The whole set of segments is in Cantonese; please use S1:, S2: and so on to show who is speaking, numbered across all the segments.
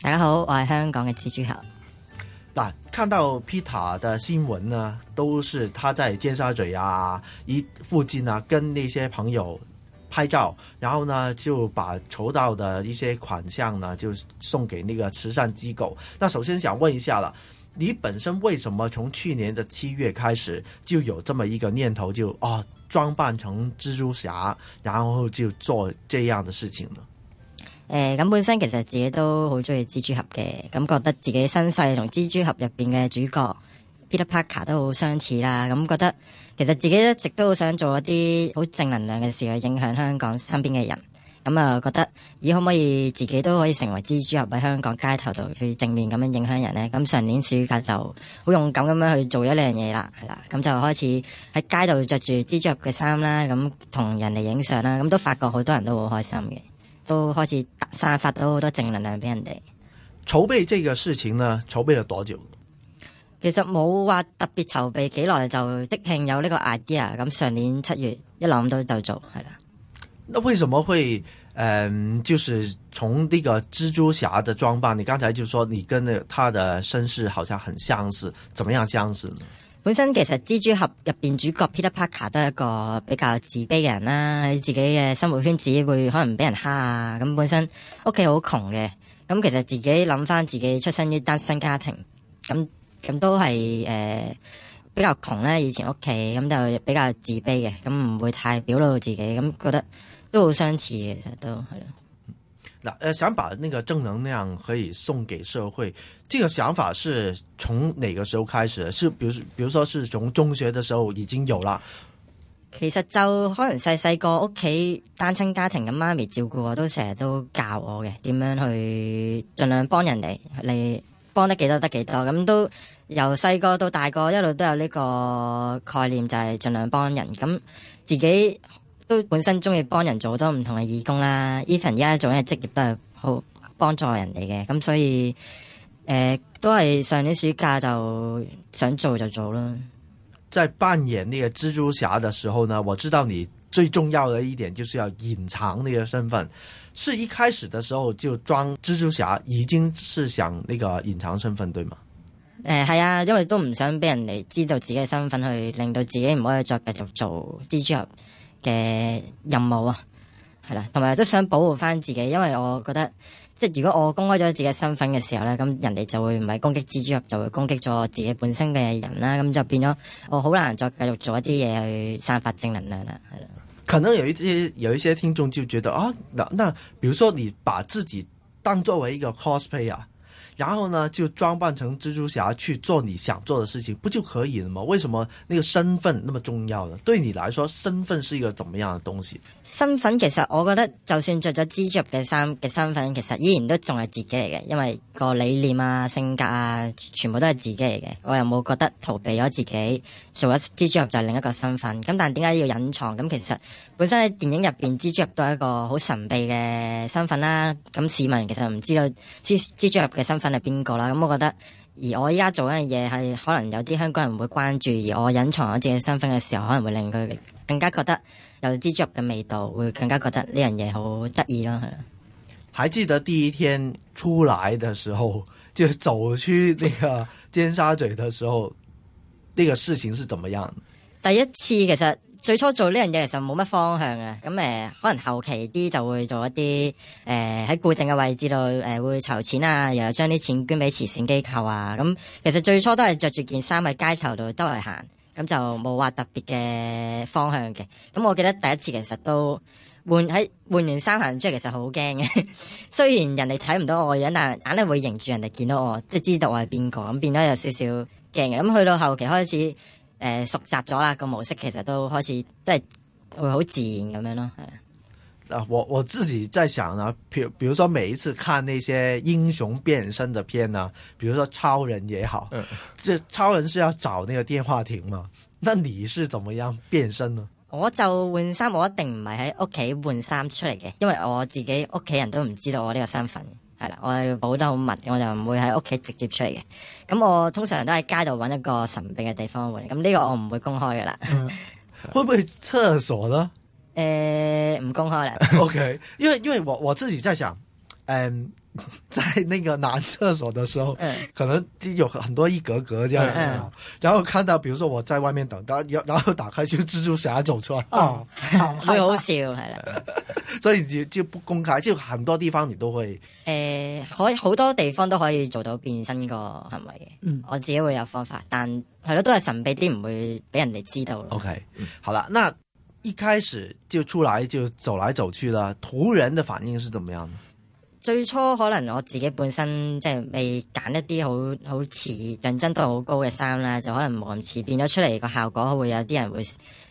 S1: 大家好，我係香港嘅蜘蛛俠。嗱，看到 Peter 的新聞呢，都是他在尖沙咀啊，一附近啊，跟那些朋友拍照，然後呢，就把籌到的一些款項呢，就送給那個慈善機構。那首先想問一下啦，你本身為什麼從去年的七月開始就有這麼一個念頭
S2: 就，就、哦、啊裝扮成蜘蛛俠，然後就做這樣的事情呢？誒、呃、咁本身其實自己都好中意蜘蛛俠嘅，咁覺得自己身世同蜘蛛俠入面嘅主角 Peter Parker 都好相似啦。咁覺得其實自己一直都好想做一啲好正能量嘅事去影響香港身邊嘅人。咁啊覺得咦可唔可以自己都可以成為蜘蛛俠喺香港街頭度去正面咁樣影響人呢？咁上年暑假就好勇敢咁樣去做一兩樣嘢啦，係啦。咁就開始喺街度着住蜘蛛俠嘅衫啦，咁同人哋影相啦。咁都發覺好多人都好開心嘅，都開始。散發到好多正能量俾人哋。籌備這
S1: 個事情呢？籌備了多
S2: 久了？其實冇話特別籌備幾耐，就即興有呢個 idea。咁上年七月一諗到就做係啦。
S1: 那為什麼會？誒、嗯，就是從呢個蜘蛛俠嘅裝扮，你剛才就說你跟呢他的身世好像很相似，怎麼樣相似呢？
S2: 本身其實蜘蛛俠入邊主角 Peter Parker 都係一個比較自卑嘅人啦，喺自己嘅生活圈子會可能俾人蝦啊，咁本身屋企好窮嘅，咁其實自己諗翻自己出生於單身家庭，咁咁都係誒、呃、比較窮啦，以前屋企咁就比較自卑嘅，咁唔會太表露自己，咁覺得都好相似嘅，其實都係。誒，想把那個正能量可以送給社會，這個想法是
S1: 從哪個時候開始？是，比如，比如說是從中學的時候已經有啦。
S2: 其實就可能細細個屋企單親家庭嘅媽咪照顧我都成日都教我嘅，點樣去盡量幫人哋，你幫得幾多得幾多。咁都由細個到大個一路都有呢個概念，就係盡量幫人，咁自己。都本身中意幫人做好多唔同嘅義工啦。Evan 而家做嘅職業都係好幫助人哋嘅，咁所以誒、呃、都係上年暑假就想做就做啦。在扮演呢個蜘蛛俠
S1: 嘅時候呢，我知道你最重要嘅一點就是要隱藏呢個身份，是一
S2: 開始嘅時候就裝蜘蛛俠，已經是想呢個隱藏身份，對嗎？誒、呃、係啊，因為都唔想俾人哋知道自己嘅身份，去令到自己唔可以再繼，繼續做蜘蛛俠。嘅任務啊，係啦，同埋都想保護翻自己，因為我覺得即係如果我公開咗自己身份嘅時候咧，咁人哋就會唔係攻擊蜘蛛俠，就會攻擊咗自己本身嘅人啦，咁就變咗我好難再繼續做一啲嘢去散發正能量啦，係啦。
S1: 可能有一些有一些聽眾就覺得啊，嗱嗱，比如說你把自己當作為一個 cosplayer。然後呢，就裝扮成蜘蛛俠去做你想做的事情，不就可以了嗎？為什麼那個身份那麼重要呢？對你來說，身份是一個怎麼樣的東西？
S2: 身份其實我覺得，就算着咗蜘蛛俠嘅衫嘅身份，其實依然都仲係自己嚟嘅，因為個理念啊、性格啊，全部都係自己嚟嘅。我又冇覺得逃避咗自己做咗蜘蛛俠就係另一個身份。咁但係點解要隱藏？咁其實。本身喺電影入邊，蜘蛛俠都係一個好神秘嘅身份啦。咁市民其實唔知道蜘蛛俠嘅身份係邊個啦。咁我覺得，而我依家做一樣嘢係可能有啲香港人會關注，而我隱藏我自己身份嘅時候，可能會令佢更加覺得有蜘蛛俠嘅味道，會更加覺得呢樣嘢好得意咯。係啦。還記得第一天出來嘅時候，就走出呢個
S1: 尖沙咀嘅時候，呢 個事情是怎麼樣？
S2: 第一次其實。最初做呢樣嘢其實冇乜方向啊，咁誒、呃、可能後期啲就會做一啲誒喺固定嘅位置度誒、呃、會籌錢啊，又將將啲錢捐俾慈善機構啊，咁其實最初都係着住件衫喺街頭度周圍行，咁就冇話特別嘅方向嘅。咁我記得第一次其實都換喺換完衫行出嚟，其實好驚嘅。 雖然人哋睇唔到我嘅樣，但係眼咧會迎住人哋見到我，即係知道我係邊個，咁變咗有少少驚嘅。咁去到後期開始誒、呃，熟習咗啦個模式，其實都開始即係會好自然咁樣咯。係啊，我我自己在想啊，比
S1: 比如說每一次看那些英雄變身的片啊，比如說超人也好、嗯，超人是要找那個電話亭嘛？那你是怎麼樣變
S2: 身呢？我就換衫，我一定唔係喺屋企換衫出嚟嘅，因為我自己屋企人都唔知道我呢個身份。係啦，我係保得好密，我就唔會喺屋企直接出嚟嘅。咁我通常都喺街度揾一個神秘嘅地方換。咁呢個我唔會公開噶啦。 會唔會廁所咧？誒、欸，唔公開啦。 o、okay. K，因為因為我我自
S1: 己真係想，誒、um...。 在那個男廁所的時候、嗯，可能有很多一格格這樣子、嗯嗯、然後看到，比如說我在外面等到，然後然後打開，就蜘蛛俠走出來，哦，哦好，嗯、
S2: 會好笑係啦， 所以你就不公開，就很多地方你都會，誒、呃，可以好多地方都可以做到變身個行為嘅，嗯，我自己會有方法，但係咯，都係神秘啲，唔會俾人哋知道。OK，嗯、好
S1: 啦，那一開始就出來就走來走去啦，途人的反應是怎麼樣呢？
S2: 最初可能我自己本身即係、就是、未揀一啲好好似像真度好高嘅衫啦，就可能冇咁似，變咗出嚟個效果會有啲人會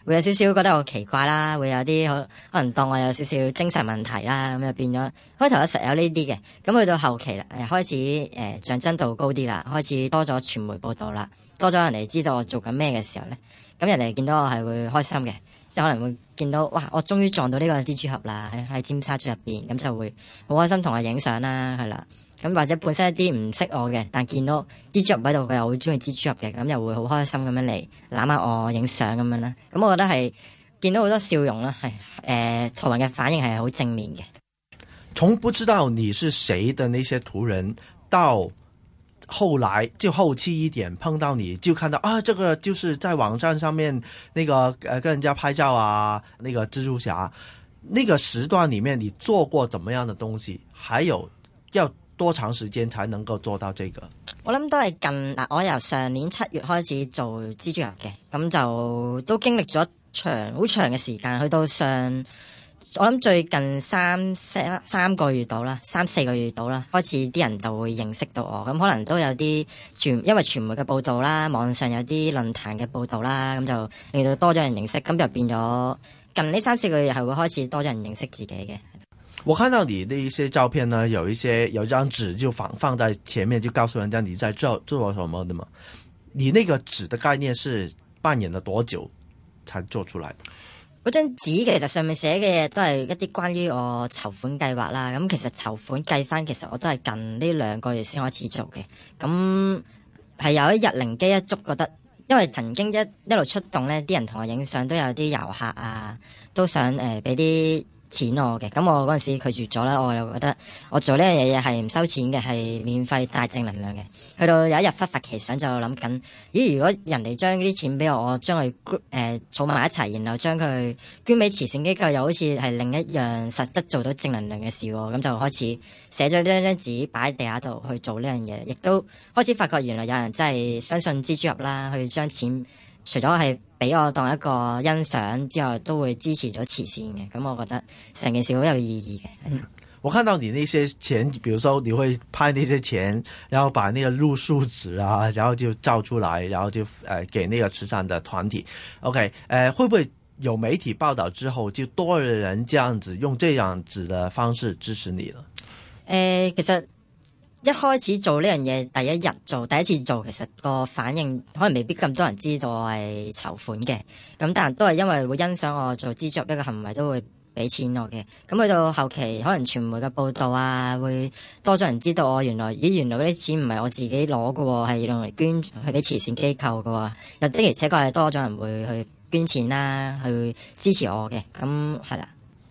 S2: 會有少少覺得我奇怪啦，會有啲可能當我有少少精神問題啦，咁就變咗開頭一實有呢啲嘅，咁去到後期啦，開始誒像真度高啲啦，開始多咗傳媒報道啦，多咗人哋知道我做緊咩嘅時候咧，咁人哋見到我係會開心嘅。就可能會見到哇，我終於撞到呢個蜘蛛俠啦！喺喺尖沙咀入邊，咁就會好開心同我影相啦，係啦。咁或者本身一啲唔識我嘅，但見到蜘蛛俠喺度，佢又好中意蜘蛛俠嘅，咁又會好開心咁樣嚟攬下我影相咁樣啦。咁我覺得係見到好多笑容啦，係誒，途人嘅反應係好正面嘅。
S1: 從不知道你是誰的那些途人到。後來就後期一點碰到你就看到啊，這個就是在網站上面那個誒跟人家拍照啊，那個蜘蛛俠那個時段裏面你做過怎麼樣的東西？還有要多長時間才能夠做到這個？
S2: 我諗都係近、啊，我由上年七月開始做蜘蛛俠嘅，咁就都經歷咗長好長嘅時間，去到上。我諗最近三三,三個月到啦，三四個月到啦，開始啲人就會認識到我，咁可能都有啲傳，因為傳媒嘅報道啦，網上有啲論壇嘅報道啦，咁就令到多咗人認識，咁就變咗近呢三四個月係會開始多咗人認識自己嘅。
S1: 我看到你啲一些照片呢，有一些有一張紙就放放在前面，就告訴人家你在這做，做什麼的嘛？你那個紙的概念是扮演了多久才做出
S2: 來的？嗰張紙其實上面寫嘅嘢都係一啲關於我籌款計劃啦。咁其實籌款計翻，其實我都係近呢兩個月先開始做嘅。咁係有一日靈機一觸，覺得因為曾經一一路出動呢啲人同我影相，都有啲遊客啊，都想誒俾啲，呃錢我嘅，咁我嗰陣時拒絕咗啦，我又覺得我做呢樣嘢係唔收錢嘅，係免費帶正能量嘅。去到有一日忽發奇想，就諗緊咦，如果人哋將啲錢俾我，我將佢誒儲埋埋一齊，然後將佢捐俾慈善機構，又好似係另一樣實質做到正能量嘅事喎，咁就開始寫咗呢張紙擺喺地下度去做呢樣嘢，亦都開始發覺原來有人真係相信蜘蛛俠啦，去將錢除咗係。俾我當一個欣賞之後，都會支持咗慈善嘅，咁我覺得成件事好有意義嘅、嗯。我看
S1: 到你那些錢，比如說你會派那些錢，然後把那個入數紙啊，然後就照出來，然後就誒、呃、給那個慈善的團體。OK，誒、呃，會不會有媒體報道之後，就多人這樣子用這樣子的方式支持你
S2: 了？誒、呃，其實。一開始做呢樣嘢，第一日做，第一次做，其實個反應可能未必咁多人知道係籌款嘅。咁但係都係因為會欣賞我做資助呢個行為，都會俾錢我嘅。咁去到後期，可能傳媒嘅報道啊，會多咗人知道我原來，咦原來嗰啲錢唔係我自己攞㗎喎，係用嚟捐去俾慈善機構㗎喎。又的而且確係多咗人會去捐錢啦，去支持我嘅。咁係啦。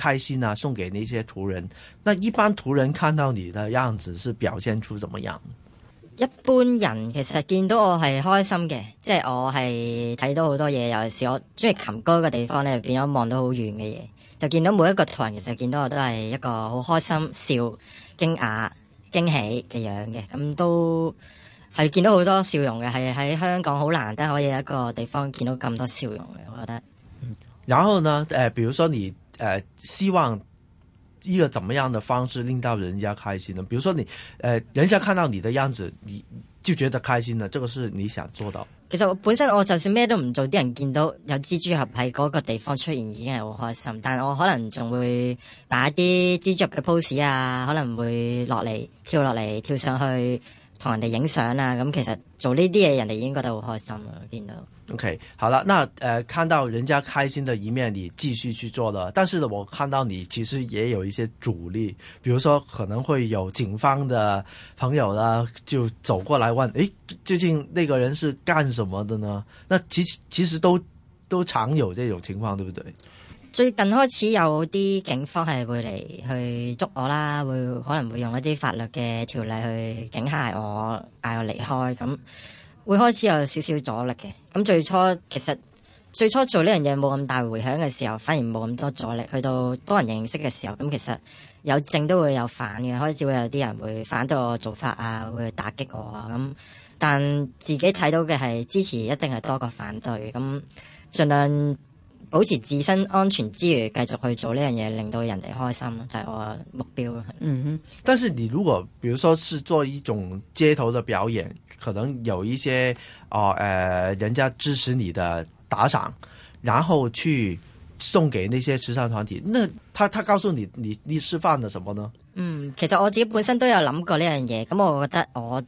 S1: 開心啊，送給那些途人。那一般途人看到你的樣子是表現出怎麼樣？
S2: 一般人其實見到我係開心嘅，即係我係睇到好多嘢，尤其是我中意擒高嘅地方咧，變咗望到好遠嘅嘢，就見到每一個途人其實見到我都係一個好開心、笑、驚訝、驚喜嘅樣嘅，咁都係見到好多笑容嘅，係喺香港好難得可以一個地方見到咁多笑容嘅，我覺得。
S1: 然後呢？誒、呃，比如說你。誒、呃，希望一個怎麼樣的方式令到人家開心呢？比如說你，誒、呃，人家看到你的樣子，你就覺得開心呢，這個是你想做到。
S2: 其實我本身我就算咩都唔做，啲人見到有蜘蛛俠喺嗰個地方出現已經係好開心，但係我可能仲會擺一啲蜘蛛嘅 pose 啊，可能會落嚟跳落嚟跳上去同人哋影相啊，咁、嗯、其實做呢啲嘢人哋已經覺得好開心見到。O.K. 好了，那，
S1: 呃，看到人家開心的一面，你繼續去做的。但是呢，我看到你其實也有一些阻力，比如說可能會有警方的朋友啦，就走過來問，誒，究竟那個人是幹什麼的呢？那其其實都都常有這種情況，對不對？
S2: 最近開始有啲警方係會嚟去捉我啦，會可能會用一啲法律嘅條例去警吓我，嗌我離開咁。會開始有少少阻力嘅，咁最初其實最初做呢樣嘢冇咁大回響嘅時候，反而冇咁多阻力。去到多人認識嘅時候，咁其實有正都會有反嘅，開始會有啲人會反對我做法啊，會打擊我啊。咁但自己睇到嘅係支持一定係多過反對，咁盡量保持自身安全之餘，繼續去做呢樣嘢，令到人哋開心就係我目標啦。嗯哼，
S1: 但是你如果比如說是做一種街頭嘅表演，可能有一些哦，誒、呃，人家支持你的打賞，然後去送給那些慈善團體，那他他告訴你，
S2: 你你示範了什麼呢？嗯，其實我自己本身都有諗過呢樣嘢，咁我覺得我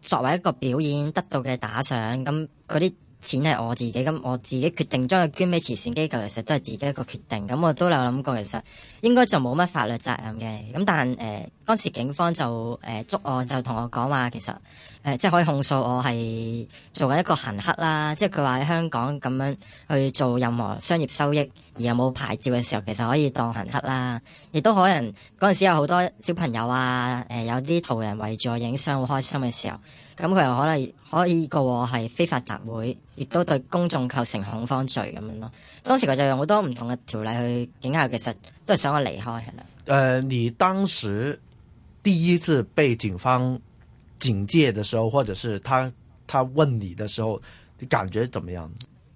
S2: 作為一個表演得到嘅打賞，咁嗰啲。錢係我自己咁，我自己決定將佢捐俾慈善機構嘅時候，都係自己一個決定。咁我都有諗過，其實應該就冇乜法律責任嘅。咁但誒、呃，當時警方就誒捉、呃、我，就同我講話，其實誒、呃、即係可以控訴我係做緊一個行乞啦。即係佢話喺香港咁樣去做任何商業收益而又冇牌照嘅時候，其實可以當行乞啦。亦都可能嗰時有好多小朋友啊，呃、有啲途人圍住我影相，好開心嘅時候。咁佢又可能可以告我係非法集會，亦都對公眾構成恐慌罪咁樣咯。當時佢就用好多唔同嘅條例去警吓，其實都係想我離開係啦。
S1: 誒、呃，你當時第一次被警方警戒嘅時候，或者是他他問你嘅時候，你感覺怎麼樣？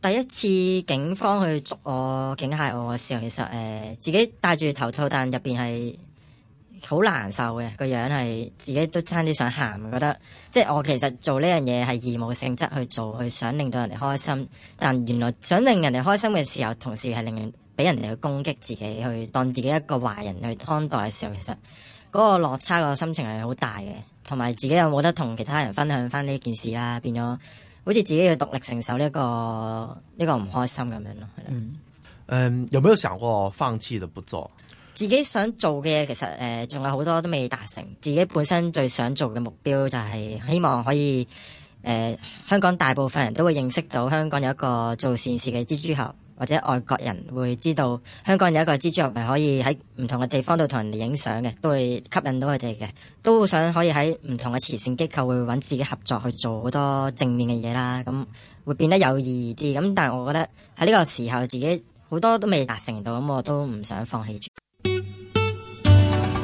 S2: 第一次警方去捉我警吓我嘅時候，其實誒自己戴住頭套，但入邊係。好難受嘅個樣係，自己都差啲想喊，覺得即係我其實做呢樣嘢，係義務性質去做，去想令到人哋開心。但原來想令人哋開心嘅時候，同時係令人俾人哋去攻擊自己，去當自己一個壞人去看待嘅時候，其實嗰個落差個心情係好大嘅，同埋自己有冇得同其他人分享翻呢件事啦，變咗好似自己要獨立承受呢、這、一個呢、這個唔開心咁樣咯。嗯，嗯，有冇有想過放棄咗唔做？自己想做嘅嘢，其實誒仲、呃、有好多都未達成。自己本身最想做嘅目標就係希望可以誒、呃，香港大部分人都會認識到香港有一個做善事嘅蜘蛛俠，或者外國人會知道香港有一個蜘蛛俠，係可以喺唔同嘅地方度同人哋影相嘅，都會吸引到佢哋嘅。都想可以喺唔同嘅慈善機構會搵自己合作去做好多正面嘅嘢啦。咁會變得有意義啲。咁但係我覺得喺呢個時候自己好多都未達成到，咁我都唔想放棄住。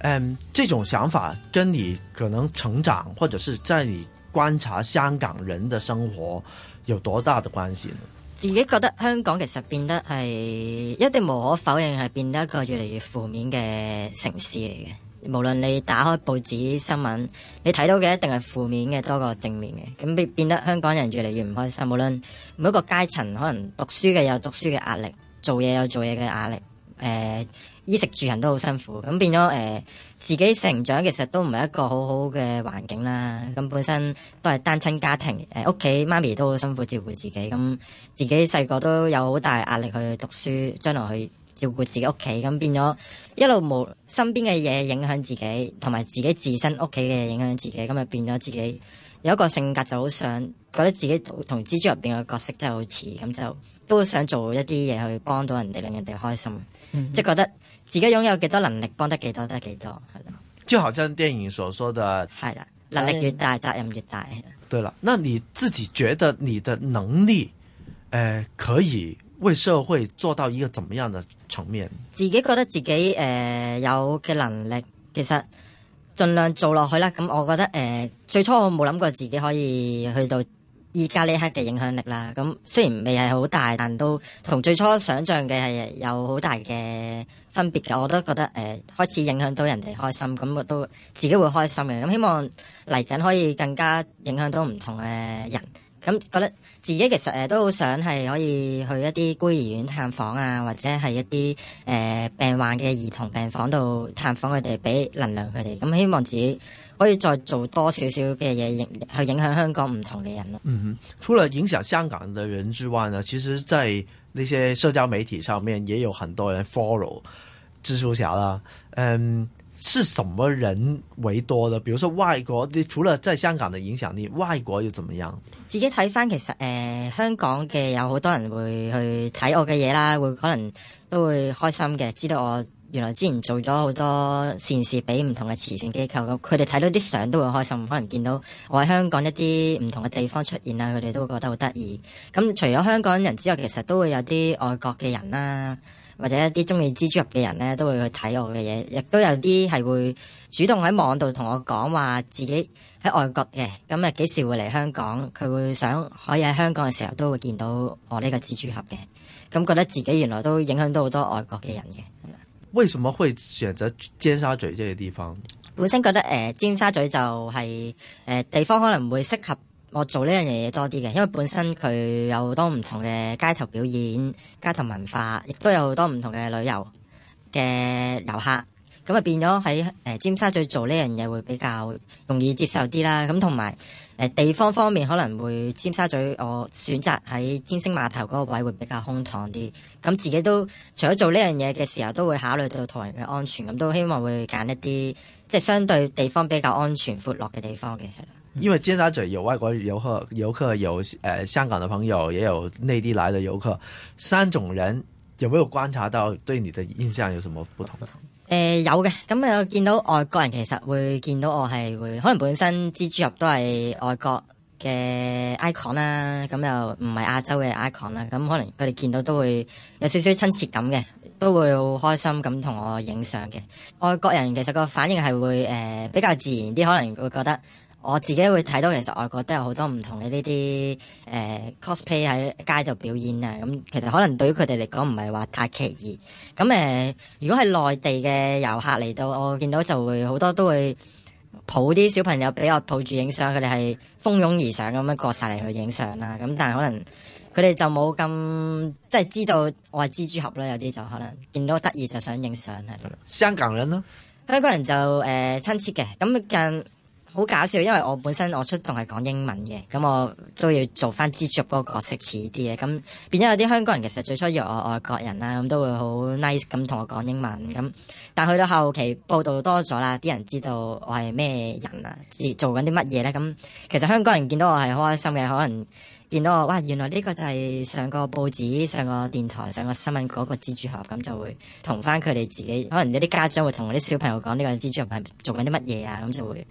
S1: 嗯，這種想法跟你可能成長或者是在你觀察香港人的生活有多大的關係呢？
S2: 自己覺得香港其實變得係一定無可否認係變得一個越嚟越負面嘅城市嚟嘅。無論你打開報紙新聞，你睇到嘅一定係負面嘅多過正面嘅，咁變變得香港人越嚟越唔開心。無論每一個階層，可能讀書嘅有讀書嘅壓力，做嘢有做嘢嘅壓力，誒、呃。衣食住行都好辛苦，咁變咗誒、呃、自己成長其實都唔係一個好好嘅環境啦。咁本身都係單親家庭，呃、屋企媽咪都好辛苦照顧自己，咁自己細個都有好大壓力去讀書，將來去照顧自己屋企，咁變咗一路冇身邊嘅嘢影響自己，同埋自己自身屋企嘅嘢影響自己，咁就變咗自己有一個性格就好想覺得自己同蜘蛛入面嘅角色真係好似，咁就都想做一啲嘢去幫到人哋，令人哋開心。即、嗯、係覺得自己擁有幾多能力，幫得幾多得幾多，係啦。
S1: 就好像電影所說的，係啦，能力越大，嗯，責任越大。對啦，那你自己覺得你的能力，誒、呃，可以為社會做到一個怎麼樣的層面？
S2: 自己覺得自己誒、呃、有嘅能力，其實盡量做落去啦。咁我覺得誒、呃，最初我冇諗過自己可以去到。依家呢刻嘅影響力啦，咁雖然未係好大，但都同最初想像嘅係有好大嘅分別嘅。我都覺得誒、呃、開始影響到人哋開心，咁都自己會開心嘅。咁希望嚟緊可以更加影響到唔同嘅人，咁覺得自己其實誒都好想係可以去一啲孤兒院探訪啊，或者係一啲誒、呃、病患嘅兒童病房度探訪佢哋，俾能量佢哋。咁希望自己，可以再做多少少嘅嘢，影去影響香港唔同嘅人，嗯，嗯哼，除了影響香港嘅人之外呢，其實在那些社交媒體
S1: 上面也有很多人 follow 蜘蛛俠啦。嗯，是什麼人為多的？比如說，外國你除了在香港的影響力，外國又怎麼樣？
S2: 自己睇翻，其實誒、呃，香港嘅有好多人會去睇我嘅嘢啦，會可能都會開心嘅，知道我。原來之前做咗好多善事，俾唔同嘅慈善機構咁，佢哋睇到啲相都會開心，可能見到我喺香港一啲唔同嘅地方出現啊，佢哋都會覺得好得意。咁除咗香港人之外，其實都會有啲外國嘅人啦，或者一啲中意蜘蛛俠嘅人咧，都會去睇我嘅嘢。亦都有啲係會主動喺網度同我講話，自己喺外國嘅咁誒幾時會嚟香港？佢會想可以喺香港嘅時候都會見到我呢個蜘蛛俠嘅咁，覺得自己原來都影響到好多外國嘅人嘅。
S1: 為什麼會選擇尖沙咀這個地方？
S2: 本身覺得誒、呃，尖沙咀就係、是、誒、呃、地方，可能會適合我做呢樣嘢多啲嘅，因為本身佢有好多唔同嘅街頭表演、街頭文化，亦都有好多唔同嘅旅遊嘅遊客，咁啊變咗喺誒尖沙咀做呢樣嘢會比較容易接受啲啦，咁同埋。誒，地方方面可能會尖沙咀，我選擇喺天星碼頭嗰個位會比較空曠啲。咁自己都除咗做呢樣嘢嘅時候，都會考慮到台人嘅安全。咁都希望會揀一啲即係相對地方比較安全、闊落嘅地方嘅。係啦。
S1: 因為尖沙咀有外國遊客、遊客有、呃、香港嘅朋友，也有內地來嘅遊客，三種人有沒有觀察到對你的印象有什麼不同？不同
S2: 誒、呃，有嘅，咁啊，我見到外國人其實會見到我係會，可能本身蜘蛛俠都係外國嘅 icon 啦，咁又唔係亞洲嘅 icon 啦，咁可能佢哋見到都會有少少親切感嘅，都會好開心咁同我影相嘅。外國人其實個反應係會誒、呃、比較自然啲，可能會覺得。我自己會睇到，其實外國都有好多唔同嘅呢啲誒 cosplay 喺街度表演啊！咁、嗯、其實可能對於佢哋嚟講，唔係話太奇異。咁、嗯、誒、呃，如果係內地嘅遊客嚟到，我見到就會好多都會抱啲小朋友俾我抱住影相，佢哋係蜂擁而上咁樣過晒嚟去影相啦。咁、嗯、但係可能佢哋就冇咁即係知道我係蜘蛛俠啦。有啲就可能見到得意就想影相係。香港人咯，香港人就誒、呃、親切嘅。咁、嗯、近。好搞笑，因為我本身我出動係講英文嘅，咁我都要做翻蜘蛛嗰個角色似啲嘅。咁變咗有啲香港人其實最初要我外國人啦，咁都會好 nice 咁同我講英文。咁但去到後期報道多咗啦，啲人知道我係咩人啊，做做緊啲乜嘢咧。咁其實香港人見到我係好開心嘅，可能見到我哇，原來呢個就係上個報紙、上個電台、上個新聞嗰個蜘蛛俠，咁就會同翻佢哋自己可能有啲家長會同啲小朋友講呢個蜘蛛俠係做緊啲乜嘢啊，咁就會。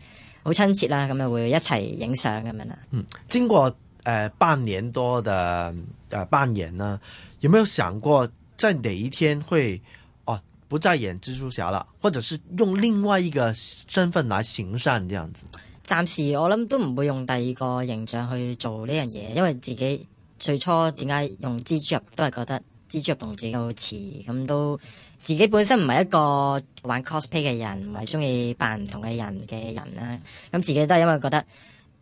S2: 好親切啦，咁啊會一齊影相咁樣啦。嗯，經過
S1: 誒、呃、半年多嘅誒扮演啦，有冇有想過在哪一天會哦不再演蜘蛛俠啦，或者是用另外一個身份來行善這樣子？
S2: 暫時我諗都唔會用第二個形象去做呢樣嘢，因為自己最初點解用蜘蛛俠都係覺得蜘蛛俠同自己好似咁都。自己本身唔係一個玩 cosplay 嘅人，唔係中意扮唔同嘅人嘅人啦。咁自己都係因為覺得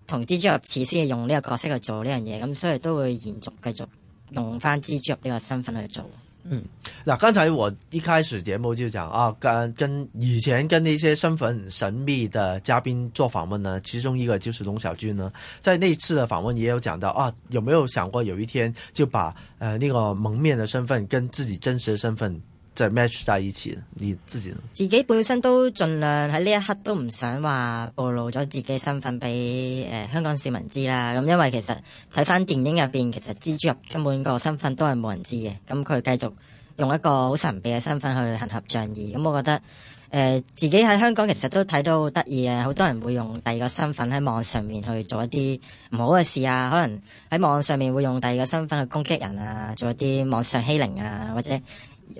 S2: 同蜘蛛俠似，先用呢個角色去做呢樣嘢，咁所以都會延續繼續用翻蜘蛛俠呢個身份去做。嗯，
S1: 嗱，剛才我一開始節目就講啊，跟跟以前跟呢些身份神秘嘅嘉賓做訪問呢，其中一個就是龍小俊呢，在呢次嘅訪問也有講到啊，有沒有想過有一天就把誒、呃、呢個蒙面嘅身份跟自己真實嘅身份，就 match 在一起，你自己
S2: 自己本身都儘量喺呢一刻都唔想話暴露咗自己身份俾誒、呃、香港市民知啦。咁、嗯、因為其實睇翻電影入邊，其實蜘蛛俠根本個身份都係冇人知嘅。咁、嗯、佢繼續用一個好神秘嘅身份去行俠仗義。咁、嗯、我覺得誒、呃、自己喺香港其實都睇到好得意嘅，好多人會用第二個身份喺網上面去做一啲唔好嘅事啊。可能喺網上面會用第二個身份去攻擊人啊，做一啲網上欺凌啊，或者～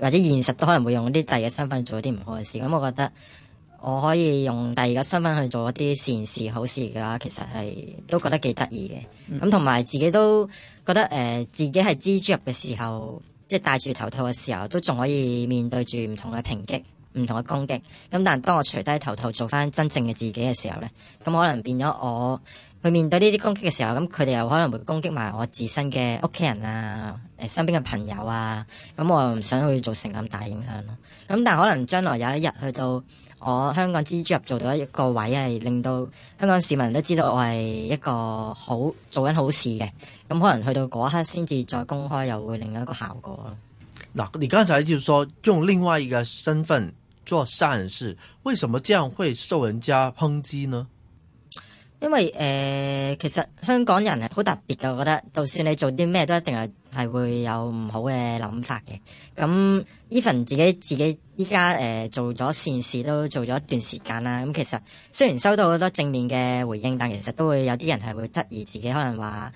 S2: 或者現實都可能會用啲第二嘅身份做一啲唔好嘅事，咁我覺得我可以用第二個身份去做一啲善事、好事嘅話，其實係都覺得幾得意嘅。咁同埋自己都覺得誒、呃，自己係蜘蛛入嘅時候，即係戴住頭套嘅時候，都仲可以面對住唔同嘅抨擊、唔同嘅攻擊。咁但當我除低頭套做翻真正嘅自己嘅時候呢，咁可能變咗我。佢面對呢啲攻擊嘅時候，咁佢哋又可能會攻擊埋我自身嘅屋企人啊，誒身邊嘅朋友啊，咁我唔想去造成咁大影響咯。咁但可能將來有一日去到我香港蜘蛛俠做到一個位，係令到香港市民都知道我係一個好做緊好事嘅，咁可能去到嗰一刻先至再公開，又會另一個效果咯。嗱，而
S1: 家就喺度講用另外一個身份做善事，為什麼這樣會受人家抨擊呢？
S2: 因為誒、呃，其實香港人好特別噶，我覺得就算你做啲咩都一定係係會有唔好嘅諗法嘅。咁 even 自己自己依家誒做咗善事,事都做咗一段時間啦。咁其實雖然收到好多正面嘅回應，但其實都會有啲人係會質疑自己，可能話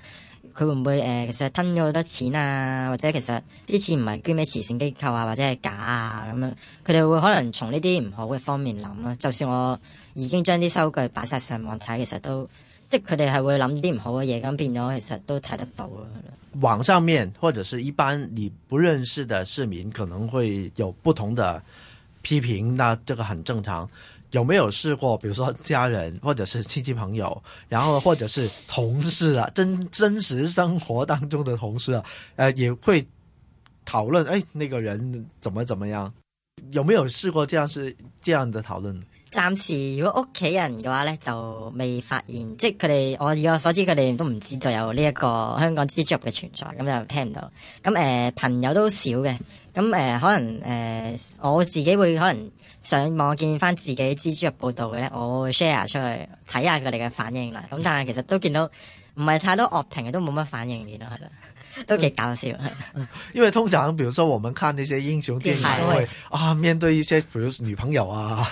S2: 佢會唔會誒、呃、其實吞咗好多錢啊，或者其實啲錢唔係捐俾慈善機構啊，或者係假啊咁樣。佢哋會可能從呢啲唔好嘅方面諗啦。就算我。已經將啲收據擺晒上網睇，其實都即係佢哋係會諗啲唔好嘅嘢，咁變咗其實都睇得到。
S1: 網上面或者是一般你不認識嘅市民可能會有不同的批評，那這個很正常。有沒有試過，比如說家人或者是親戚朋友，然後或者是同事啊，真真實生活當中的同事啊，誒、呃、也會討論，誒、哎、那個
S2: 人怎麼怎
S1: 麼樣？有沒有試過這樣是這樣的討論？
S2: 暫時如果屋企人嘅話咧，就未發現，即係佢哋我以我所知，佢哋都唔知道有呢一個香港蜘蛛嘅存在，咁就聽唔到。咁誒、呃、朋友都少嘅。咁誒、呃、可能誒、呃、我自己會可能上網見翻自己蜘蛛俠報道嘅咧，我會 share 出去睇下佢哋嘅反應啦。咁但係其實都見到唔係太多惡評嘅，都冇乜反應，你 咯因為，係都幾搞笑。因為通常，比如說我們看呢
S1: 些英雄電影， 都會啊面對一些譬如女朋友啊，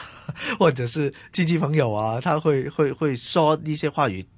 S1: 或者是知己朋友啊，他會會會說呢些話語。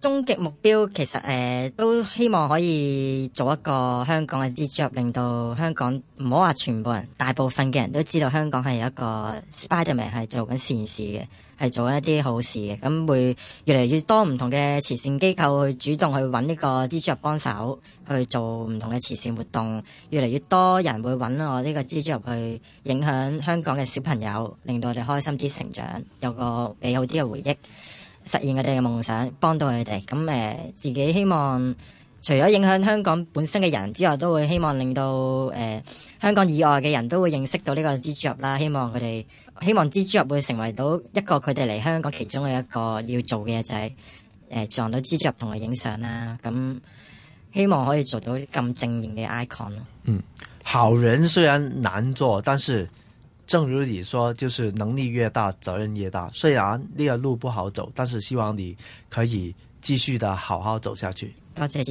S2: 終極目標其實誒、呃，都希望可以做一個香港嘅蜘蛛俠，令到香港唔好話全部人，大部分嘅人都知道香港係有一個 Spiderman 係做緊善事嘅，係做一啲好事嘅。咁會越嚟越多唔同嘅慈善機構去主動去搵呢個蜘蛛俠幫手去做唔同嘅慈善活動，越嚟越多人會搵我呢個蜘蛛俠去影響香港嘅小朋友，令到我哋開心啲成長，有個美好啲嘅回憶。實現我哋嘅夢想，幫到佢哋。咁誒、呃，自己希望除咗影響香港本身嘅人之外，都會希望令到誒、呃、香港以外嘅人都會認識到呢個蜘蛛俠啦。希望佢哋希望蜘蛛俠會成為到一個佢哋嚟香港其中嘅一個要做嘅嘢就係誒撞到蜘蛛俠同佢影相啦。咁希望可以做到啲咁正面嘅 icon 咯。嗯，
S1: 好人雖然難做，但是。正如你說，就是能力越大，責任越大。雖然那個路不好走，但是希望你可以繼續的好好走下去。謝
S2: 謝。